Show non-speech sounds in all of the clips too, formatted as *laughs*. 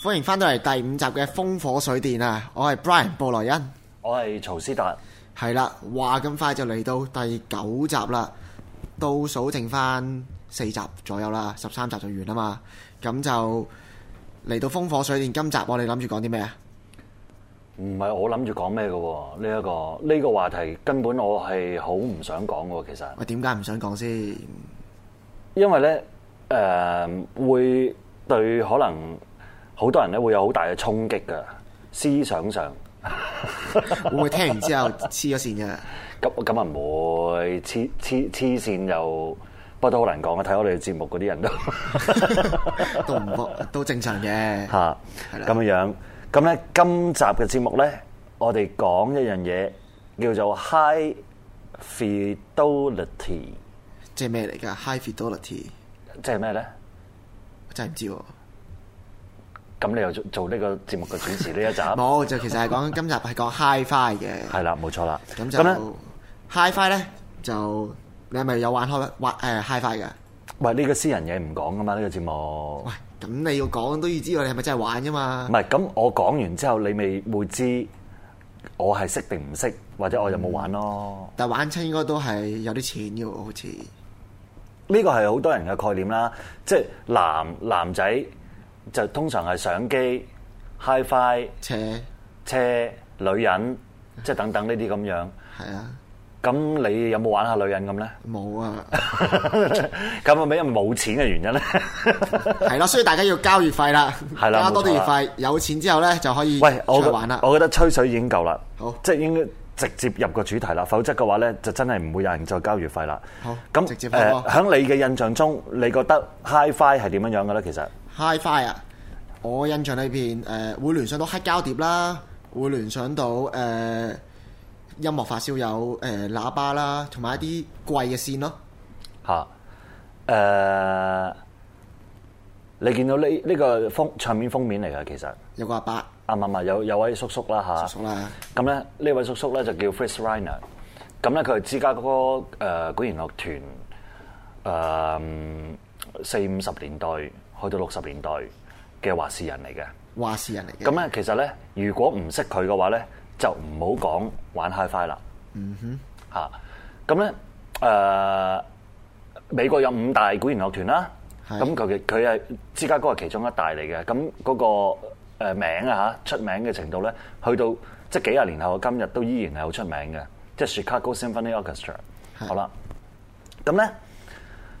歡迎翻到嚟第五集嘅《風火水電》啊！我係 Brian 布萊恩，我係曹撕達。係啦，話咁快就嚟到第九集啦，倒數剩翻四集左右啦，十三集就完啦嘛。咁就嚟到《風火水電》今集，我哋諗住講啲咩啊？唔係我諗住講咩嘅呢一個呢、這個話題，根本我係好唔想講嘅。其實我點解唔想講先？因為呢，誒、呃，會對可能。好多人咧會有好大嘅衝擊㗎，思想上會唔會聽完之後黐咗線嘅？咁咁啊唔會黐黐黐線又不過都好難講嘅，睇我哋嘅節目嗰啲人都都唔覺都正常嘅嚇，係啦咁樣樣咁咧，今集嘅節目咧，我哋講一樣嘢叫做 High Fidelity，即係咩嚟㗎？High Fidelity 即係咩咧？我真係唔知喎。咁你又做做呢個節目嘅主持呢一集？冇，就其實係講今集係講 Hi-Fi 嘅。係啦，冇錯啦。咁咧 Hi-Fi 咧就，你係咪有玩開玩誒 Hi-Fi 嘅？喂，呢個私人嘢，唔講噶嘛呢個節目。喂，咁你要講都要知道你係咪真係玩啫嘛？唔係，咁我講完之後你咪會知我係識定唔識，或者我有冇玩咯。但玩親應該都係有啲錢嘅，好似呢個係好多人嘅概念啦，即係男男仔。就通常係相機、HiFi、車、車、女人，即係等等呢啲咁樣。係啊，咁你有冇玩下女人咁咧？冇啊！咁啊咩？係咪冇錢嘅原因咧？係咯，所以大家要交月費啦。係啦，加多啲月費，有錢之後咧就可以。喂，我覺得，我覺得吹水已經夠啦。好，即係應該直接入個主題啦，否則嘅話咧就真係唔會有人再交月費啦。好，咁直接誒，喺你嘅印象中，你覺得 HiFi 係點樣樣嘅咧？其實？Hi-Fi 啊！Hi Fi？我印象裏邊，誒會聯想到黑膠碟啦，會聯想到誒、呃、音樂發燒友誒、呃、喇叭啦，同埋一啲貴嘅線咯。嚇、啊！誒、呃，你見到呢呢、這個封唱片封面嚟嘅，其實有個阿伯，啊嫲唔有有位叔叔啦嚇，咁咧呢位叔叔咧就叫 Fritz Reiner，咁咧佢係芝加哥誒管絃樂團誒四五十年代。去到六十年代嘅話事人嚟嘅，話事人嚟嘅。咁咧，其實咧，如果唔識佢嘅話咧，就唔好講玩 Hi-Fi 啦。嗯哼、啊，嚇，咁咧，誒，美國有五大管弦樂團啦。咁佢嘅佢係芝加哥係其中一大嚟嘅。咁嗰個誒名啊嚇，出名嘅程度咧，去到即係幾廿年後嘅今日都依然係好出名嘅，即係 Chicago Symphony Orchestra 是的 好。好啦，咁咧。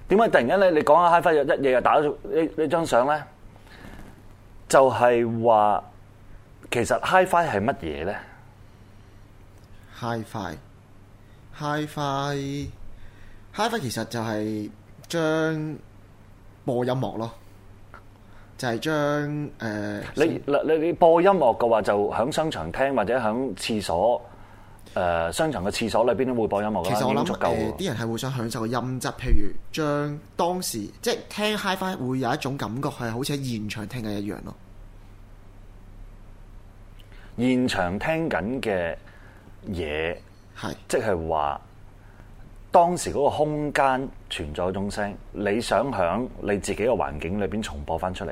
點解突然間咧？你講下 Hi-Fi 一嘢又打呢呢張相咧？就係、是、話其實 Hi-Fi 係乜嘢咧？Hi-Fi，Hi-Fi，Hi-Fi 其實就係將播音樂咯，就係、是、將誒、呃、你嗱你你播音樂嘅話就響商場聽或者響廁所。誒、呃，商場嘅廁所裏邊都會播音樂嘅，其實我諗，誒、呃，啲人係會想享受個音質，譬如將當時即係聽 Hi-Fi 會有一種感覺，係好似喺現場聽緊一樣咯。現場聽緊嘅嘢係，是的 即係話當時嗰個空間存在一種聲，你想響你自己嘅環境裏邊重播翻出嚟，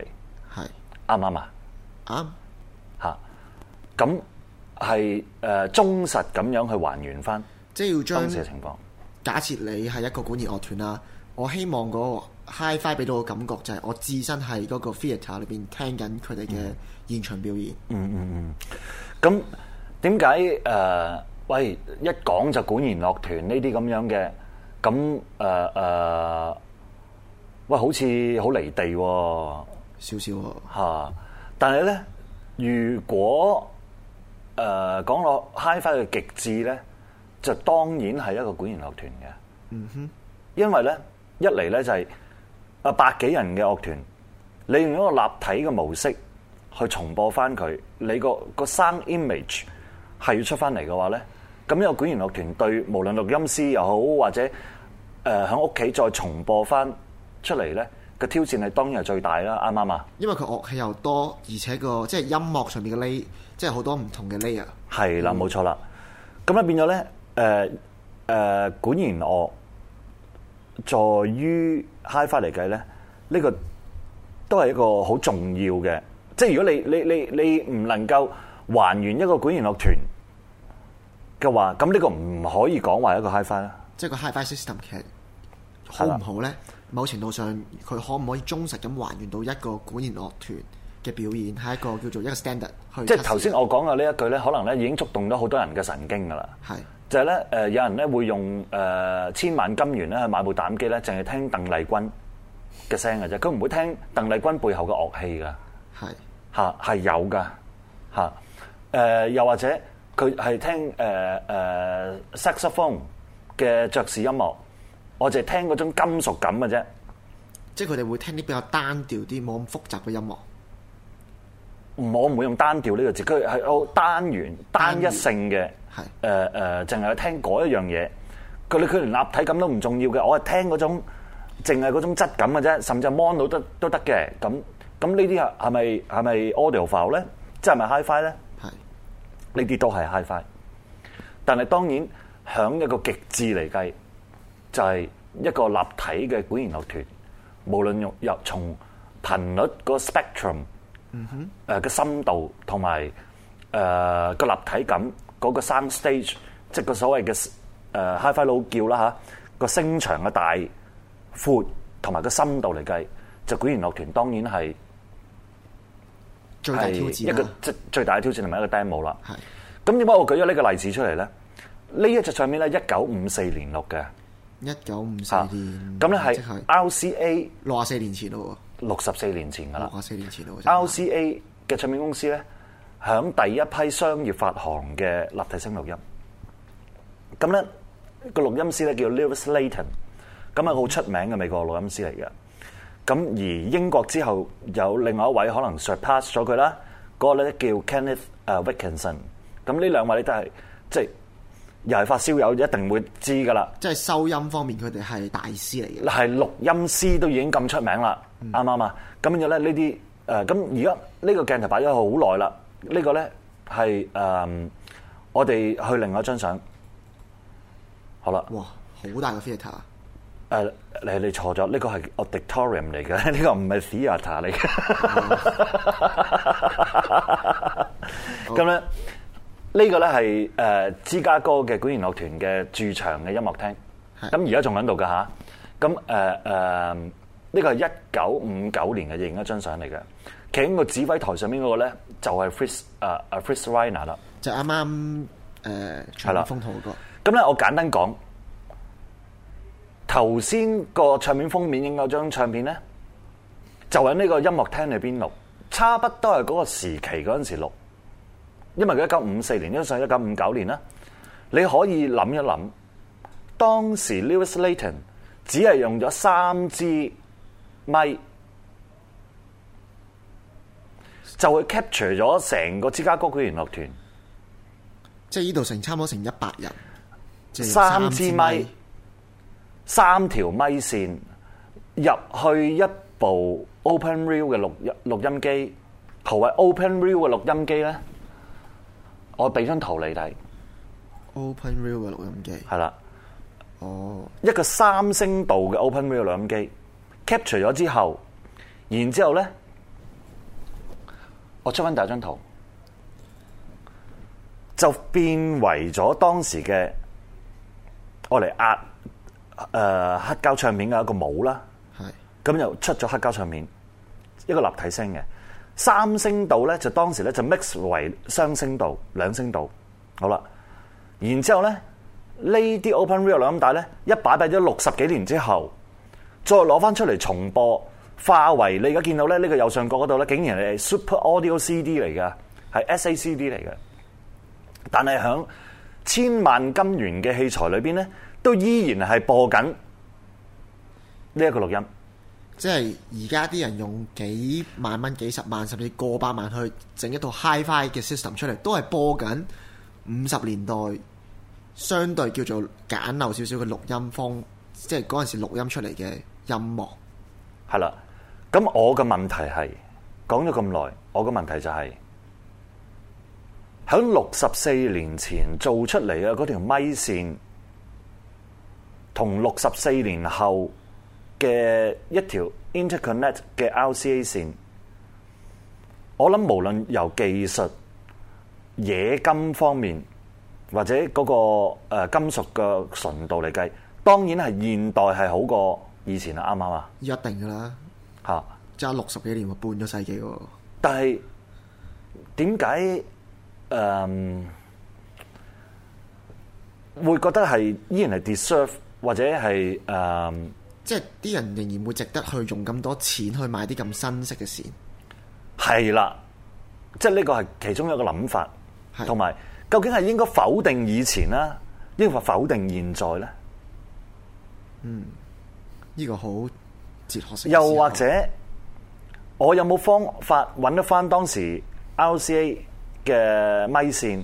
係啱唔啱啊？啱吓是的，咁。係誒、呃，忠實咁樣去還原翻，即係要將當時嘅情況。假設你係一個管弦樂團啦，我希望嗰個 Hi-Fi 俾到個感覺就係我自身喺嗰個 theatre 裏邊聽緊佢哋嘅現場表演。嗯嗯嗯。咁點解誒？喂，一講就管弦樂團呢啲咁樣嘅，咁誒誒，喂，好似好離地少少啊。吓、啊，但係咧，如果誒講落 hi-fi 嘅極致咧，就當然係一個管弦樂團嘅。嗯哼，因為咧一嚟咧就係、是、啊百幾人嘅樂團，你用一個立體嘅模式去重播翻佢，你個、嗰個 sound image 係要出翻嚟嘅話咧，咁一個管弦樂團對無論錄音師又好或者誒喺屋企再重播翻出嚟咧。個挑戰係當然係最大啦，啱唔啱啊？因為佢樂器又多，而且個、er, 即係音樂上面嘅 layer，即係好多唔同嘅 layer 啊。係啦，冇錯啦。咁咧變咗咧，誒、呃、誒管弦樂在於 hifi 嚟計咧，呢、這個都係一個好重要嘅。即係如果你你你你唔能夠還原一個管弦樂團嘅話，咁呢個唔可以講話一個 hifi 啦。即係個 hifi system 其實好唔好咧？某程度上，佢可唔可以忠實咁還原到一個管弦樂團嘅表演，係一個叫做一個 standard，即係頭先我講嘅呢一句咧，可能咧已經觸動咗好多人嘅神經噶啦。係是 就係咧，誒有人咧會用誒千萬金元咧去買部膽機咧，淨係聽鄧麗君嘅聲嘅啫，佢唔會聽鄧麗君背後嘅樂器噶。係吓係有噶吓，誒又或者佢係聽誒誒、呃呃、saxophone 嘅爵士音樂。我淨係聽嗰種金屬感嘅啫，即係佢哋會聽啲比較單調啲、冇咁複雜嘅音樂。唔，我唔會用單調呢個字，佢係好單元、單一性嘅。係元。誒誒、呃，淨、呃、係聽嗰一樣嘢。佢你佢連立體感都唔重要嘅，我係聽嗰種，淨係嗰種質感嘅啫。甚至 mono 都得都得嘅。咁咁呢啲係係咪係咪 audio file 咧？即係咪 hifi 咧？係。呢啲都係 hifi 但係當然響一個極致嚟計。就係一個立體嘅管弦樂團，無論用入從頻率個 spectrum，誒個、嗯哼呃、深度同埋誒個立體感，嗰、那個 sound stage，即係個所謂嘅誒 hi-fi 佬叫啦嚇，個聲場嘅大、闊同埋個深度嚟計，就管弦樂團當然係最大挑戰啦。一個即最大嘅挑戰同埋一個 demo 啦。咁點解我舉咗呢個例子出嚟咧？呢一隻唱片咧，一九五四年錄嘅。一九五四年，咁咧係 RCA 六十四年前咯喎，六十四年前噶啦，六十四年前咯喎，RCA 嘅唱片公司咧，響第一批商業發行嘅立體聲錄音，咁、那、咧個錄音師咧叫 Lewis Layton，咁啊好出名嘅美國錄音師嚟嘅，咁而英國之後有另外一位可能 surpass 咗佢啦，嗰、那個咧叫 Kenneth、uh, Wilkinson，咁呢兩位咧都係即係。就是又係發燒友一定會知㗎啦！即係收音方面，佢哋係大師嚟嘅，係錄音師都已經咁出名啦，啱唔啱啊？咁樣咧，呢啲誒咁而家呢個鏡頭擺咗好耐啦。這個、呢個咧係誒我哋去另外一張相，好啦。哇！好大嘅 theater 誒，你你錯咗，呢、這個係 auditorium 嚟嘅，呢、這個唔係 theater 嚟嘅。咁咧。呢個咧係誒芝加哥嘅管弦樂團嘅駐場嘅音樂廳，咁而家仲喺度噶吓，咁誒誒，呢、呃呃這個係一九五九年嘅影一張相嚟嘅，企喺個指揮台上面嗰個咧就係 Fris、uh、Fritz Reiner 啦，就啱啱誒唱片封面咁咧，我簡單講，頭先個唱片封面影張唱片咧，就喺呢個音樂廳裏邊錄，差不多係嗰個時期嗰陣時錄。因為佢一九五四年，跟住上一九五九年啦，你可以諗一諗，當時 Lewis Layton 只係用咗三支咪，就去 capture 咗成個芝加哥管弦樂團，即係呢度成差唔多成一百人，三支，三支咪，三條咪線入去一部 Open Reel 嘅錄錄音機，何謂 Open Reel 嘅錄音機咧？我俾張圖你睇，Open Reel 嘅錄音機，係啦的，哦，oh. 一個三聲道嘅 Open Reel 錄音機 capture 咗之後，然之後咧，我出翻第二張圖，就變為咗當時嘅我嚟壓誒、呃、黑膠唱片嘅一個模啦，係的，咁又出咗黑膠唱片一個立體聲嘅。三聲道咧就當時咧就 mix 為雙聲道，兩聲道。好啦。然之後咧，呢啲 open reel 錄音帶咧，一擺低咗六十幾年之後，再攞翻出嚟重播，化為你而家見到咧呢個右上角嗰度咧，竟然係 super audio CD 嚟㗎，係 SACD 嚟嘅。但係響千萬金元嘅器材裏邊咧，都依然係播緊呢一個錄音。即係而家啲人用幾萬蚊，幾十萬甚至過百萬去整一套 Hi-Fi 嘅 system 出嚟，都係播緊五十年代相對叫做簡陋少少嘅錄音風，即係嗰陣時錄音出嚟嘅音樂。係啦，咁我嘅問題係講咗咁耐，我嘅問題就係喺六十四年前做出嚟嘅嗰條咪線，同六十四年後嘅一條 interconnect 嘅 RCA 線，我諗無論由技術、冶金方面或者嗰、那個、呃、金屬嘅純度嚟計，當然係現代係好過以前啦，啱唔啱啊？一定噶啦嚇，揸六十幾年喎，半個世紀喎。但係點解誒會覺得係依然係 deserve 或者係誒？呃即係啲人仍然會值得去用咁多錢去買啲咁新式嘅線，係啦。即係呢個係其中一個諗法，同埋是的 究竟係應該否定以前啦，應否否定現在咧？嗯，呢、這個好哲學性。又或者我有冇方法揾得翻當時 RCA 嘅咪線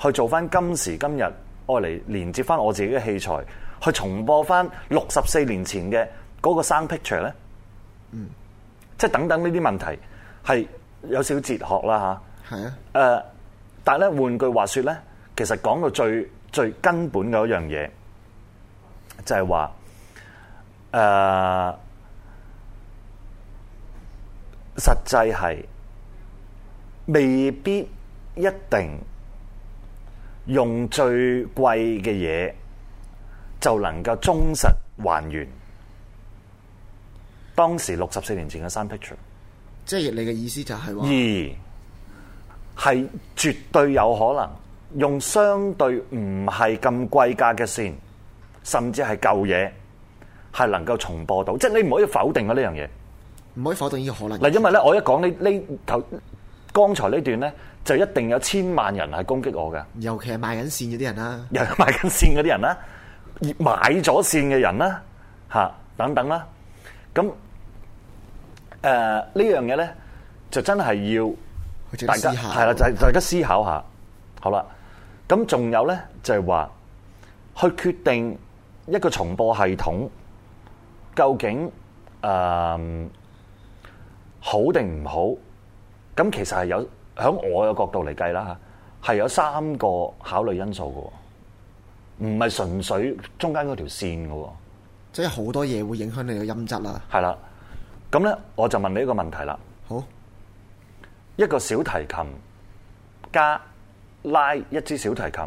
去做翻今時今日，愛嚟連接翻我自己嘅器材？去重播翻六十四年前嘅嗰個 sound picture 咧，嗯，即係等等呢啲問題係有少少哲學啦吓，係啊，誒、呃，但係咧換句話說咧，其實講到最最根本嘅一樣嘢，就係話誒，實際係未必一定用最貴嘅嘢。就能夠忠實還原當時六十四年前嘅 sound picture，即係你嘅意思就係、是、話，二係絕對有可能用相對唔係咁貴價嘅線，甚至係舊嘢係能夠重播到，即係你唔可以否定咗呢樣嘢，唔可以否定呢個可能。嗱，因為咧，為我一講呢呢頭剛才呢段咧，就一定有千萬人係攻擊我嘅，尤其係賣緊線嗰啲人啦、啊，又賣緊線嗰啲人啦、啊。 *laughs* 買咗線嘅人啦，吓等等啦，咁誒、呃這個、呢樣嘢咧，就真係要大家係啦，就就大家思考下，好啦。咁仲有咧，就係、是、話去決定一個重播系統究竟誒、呃、好定唔好。咁其實係有響我嘅角度嚟計啦吓，係有三個考慮因素嘅。唔係純粹中間嗰條線嘅、哦，即係好多嘢會影響你嘅音質啦。係啦，咁咧我就問你一個問題啦。好，一個小提琴加拉一支小提琴，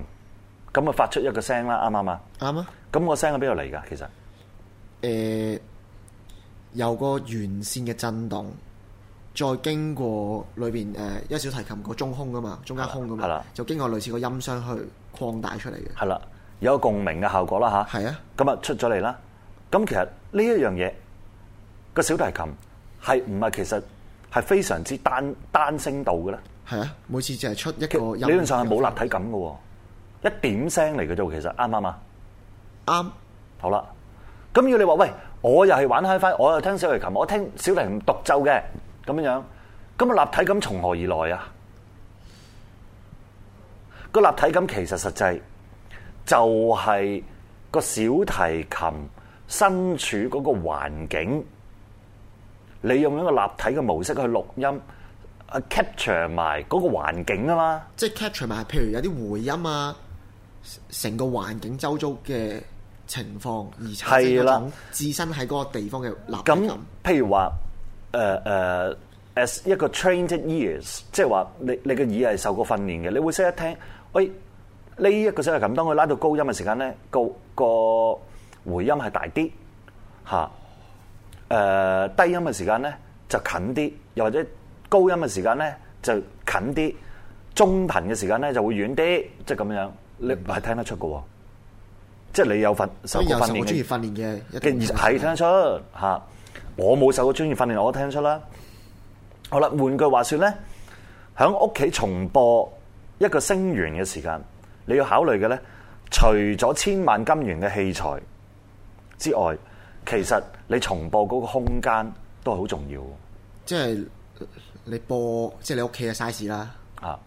咁啊發出一個聲啦，啱唔啱啊？啱啊。咁個聲喺邊度嚟噶？其實誒、呃，有個弦線嘅震動，再經過裏邊誒，呃、一小提琴個中空噶嘛，中間空噶嘛，係啦，就經過類似個音箱去擴大出嚟嘅。係啦。有個共鳴嘅效果啦嚇，咁啊出咗嚟啦。咁其實呢一樣嘢個小提琴係唔係其實係非常之單單聲道嘅咧？係啊，每次就係出一個理論上係冇立體感嘅喎，啊、的一點聲嚟嘅啫其實啱啱啊？啱。對 好啦，咁要你話喂，我又係玩 Hi-Fi，我又聽小提琴，我聽小提琴獨奏嘅咁樣樣，咁啊立體感從何而來啊？個立體感其實實際，就係個小提琴身處嗰個環境，你用一個立體嘅模式去錄音，啊 capture 埋嗰個環境啊嘛，即係 capture 埋譬如有啲回音啊，成個環境周遭嘅情況而產生嗰種置身喺嗰個地方嘅立體感。咁譬如話，誒、uh, 誒、uh，as 一個 trained ears，即係話你你嘅耳係受過訓練嘅，你會識得聽，誒。呢一個聲係咁，當佢拉到高音嘅時間咧，個個回音係大啲嚇；誒低音嘅時間咧就近啲，又或者高音嘅時間咧就近啲，中頻嘅時間咧就會遠啲，即係咁樣，你係聽得出嘅喎。嗯、即係你有訓受過訓練嘅，係聽得出嚇。我冇受過專業訓練，我都聽得出啦。好啦，換句話說咧，喺屋企重播一個聲源嘅時間。你要考慮嘅咧，除咗千萬金元嘅器材之外，其實你重播嗰個空間都係好重要嘅。即係你播，即係你屋企嘅 size 啦。啊，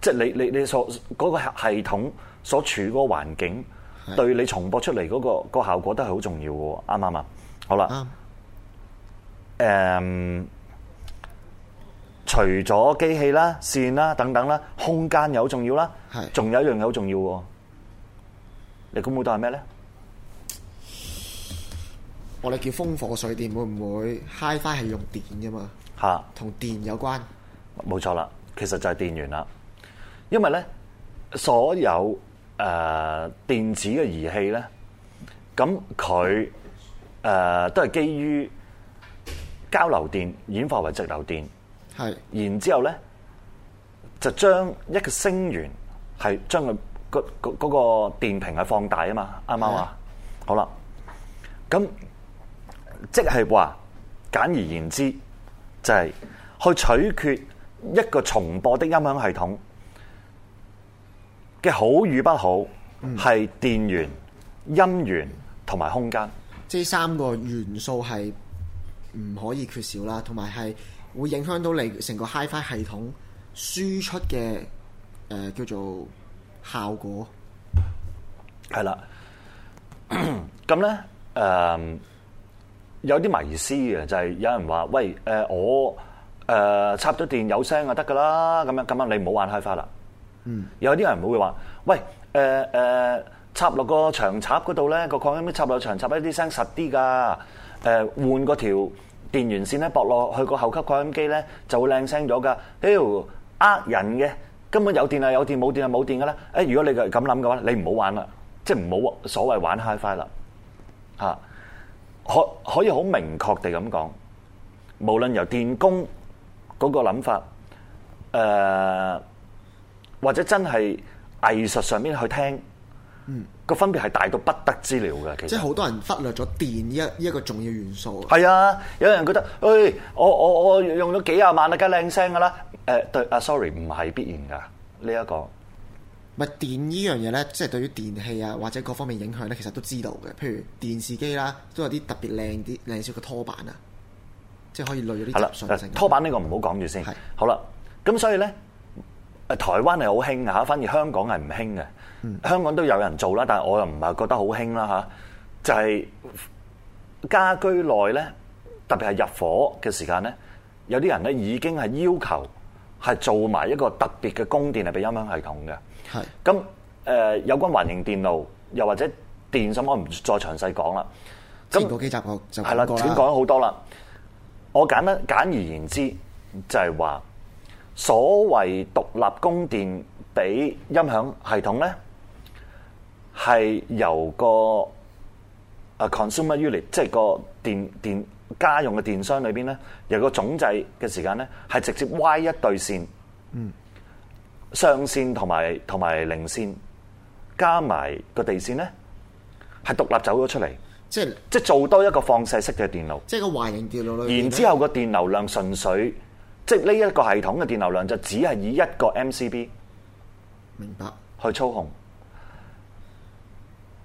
即係你你你所嗰個系統所處嗰個環境，是的 對你重播出嚟嗰個嗰個效果都係好重要嘅，啱唔啱啊？好啦，誒。對 嗯除咗機器啦、線啦等等啦，空間又好重要啦，仲有一樣嘢好重要喎。你估唔估到係咩咧？我哋叫風火水電，會唔會 Hi-Fi 係用電㗎嘛？嚇，同電有關。冇錯啦，其實就係電源啦。因為咧，所有誒電子嘅儀器咧，咁佢誒都係基於交流電演化為直流電。係，然之後咧，就將一個聲源係將個、嗰個電瓶係放大啊嘛，啱唔啱啊？好啦，咁即係話，簡而言之，就係、係、去取決一個重播的音響系統嘅好與不好，係電源、音源同埋空間，即係、嗯、三個元素係唔可以缺少啦，同埋係。會影響到你成個 Hi-Fi 系統輸出嘅誒、呃、叫做效果，係啦。咁咧誒有啲迷思嘅就係、是、有人話，喂誒、呃、我誒、呃、插咗電有聲就得噶啦。咁樣咁樣你唔好玩 Hi-Fi 啦。嗯。有啲人唔會話，喂誒誒、呃呃、插落個牆插嗰度咧，個擴音機插落牆插咧啲聲實啲噶。誒、呃、換嗰條。電源線咧駁落去個後級擴音機咧就會靚聲咗噶，屌呃人嘅，根本有電啊有電，冇電啊冇電噶啦！誒，如果你咁諗嘅話，你唔好玩啦，即係唔好所謂玩 hi-fi 啦嚇，可可以好明確地咁講，無論由電工嗰個諗法，誒或者真係藝術上面去聽，嗯。個分別係大到不得之了嘅，其實即係好多人忽略咗電呢一呢一個重要元素。係啊，有人覺得，誒，我我我用咗幾廿萬，梗係靚聲噶啦。誒、呃，對啊，sorry，唔係必然㗎。呢、這、一個咪電呢樣嘢咧，即係對於電器啊或者各方面影響咧，其實都知道嘅。譬如電視機啦、啊，都有啲特別靚啲靚少嘅拖板啊，即係可以累咗啲的拖板呢個唔好講住先。係是的。好啦，咁所以咧。誒台灣係好興㗎，反而香港係唔興嘅。嗯、香港都有人做啦，但係我又唔係覺得好興啦嚇。就係、是、家居內咧，特別係入伙嘅時間咧，有啲人咧已經係要求係做埋一個特別嘅供電啊，畀音響系統嘅。係。咁誒，有關環形電路又或者電，我唔再詳細講啦。咁，講幾集就係啦，講咗好多啦。我簡單簡而言之就係、是、話。所謂獨立供電俾音響系統咧，係由個啊 consumer unit，即係個電電家用嘅電箱裏邊咧，由個總掣嘅時間咧，係直接 Y 一對線，嗯，上線同埋同埋零線加埋個地線咧，係獨立走咗出嚟，即係是即係做多一個放射式嘅電路，即係個環形電路裏面，然之後個電流量純粹。即呢一個系統嘅電流量就只係以一個 MCB 明白去操控，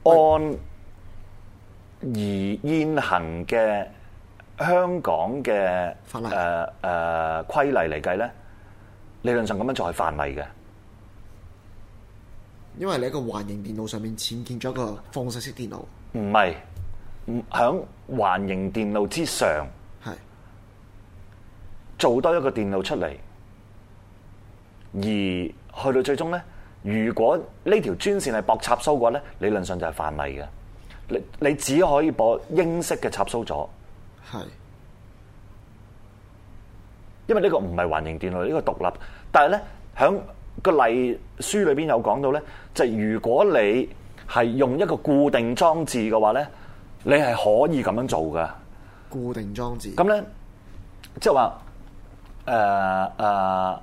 喂按而現行嘅香港嘅法例誒誒、呃呃、規例嚟計咧，理論上咁樣就係犯例嘅。因為你喺一個環形電腦上面僭建咗一個放射式電腦，唔係唔響環形電腦之上。做多一個電路出嚟，而去到最終咧，如果呢條專線係駁插蘇嘅話咧，理論上就係犯例嘅。你你只可以駁英式嘅插蘇咗，係，因為呢個唔係環形電路，呢個獨立。但係咧，響個例書裏邊有講到咧，就如果你係用一個固定裝置嘅話咧，你係可以咁樣做嘅。固定裝置咁咧，即係話。就是誒誒，uh, uh，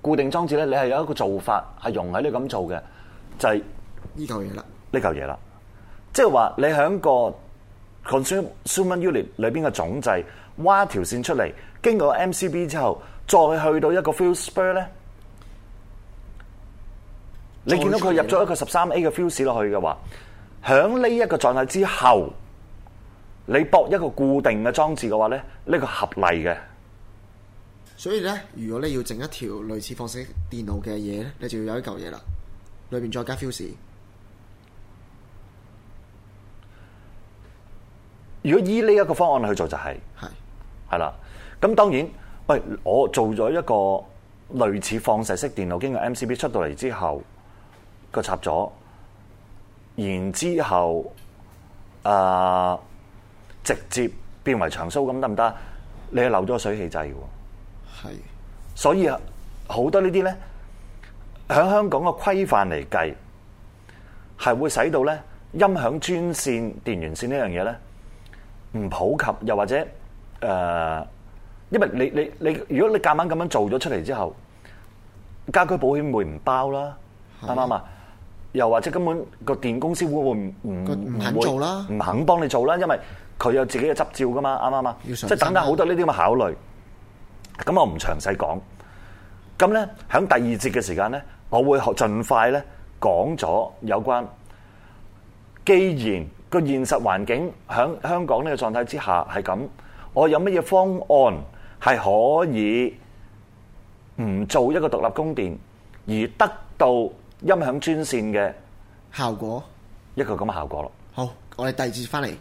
固定裝置咧，你係有一個做法係用喺你咁做嘅，就係呢嚿嘢啦，呢嚿嘢啦。即係話你喺個 consumer unit 裏邊嘅總掣挖條線出嚟，經過 MCB 之後，再去到一個 fuse spur 咧，你見到佢入咗一個十三 A 嘅 fuse 落去嘅話，響呢一個狀態之後，你駁一個固定嘅裝置嘅話咧，呢、這個合例嘅。所以咧，如果你要整一條類似放射式電腦嘅嘢咧，你就要有一舊嘢啦。裏邊再加 fuse。如果依呢一個方案去做，就是，就係系係啦。咁當然，喂，我做咗一個類似放射式電腦經過 MCB 出到嚟之後個插咗，然之後，呃、直接變為長蘇咁得唔得？你留咗個水氣掣喎。係，所以好多呢啲咧，喺香港嘅規範嚟計，係會使到咧音響專線、電源線呢樣嘢咧唔普及，又或者誒、呃，因為你你你，如果你夾硬咁樣做咗出嚟之後，家居保險會唔包啦，啱唔啱啊？又或者根本個電公司會會唔唔肯做啦，唔肯幫你做啦，因為佢有自己嘅執照噶嘛？啱唔啱啊？即係等等好多呢啲咁嘅考慮。咁我唔詳細講，咁呢，喺第二節嘅時間呢，我會盡快呢講咗有關，既然個現實環境喺香港呢個狀態之下係咁，我有乜嘢方案係可以唔做一個獨立供電而得到音響專線嘅效果，一個咁嘅效果咯。好，我哋第二節翻嚟。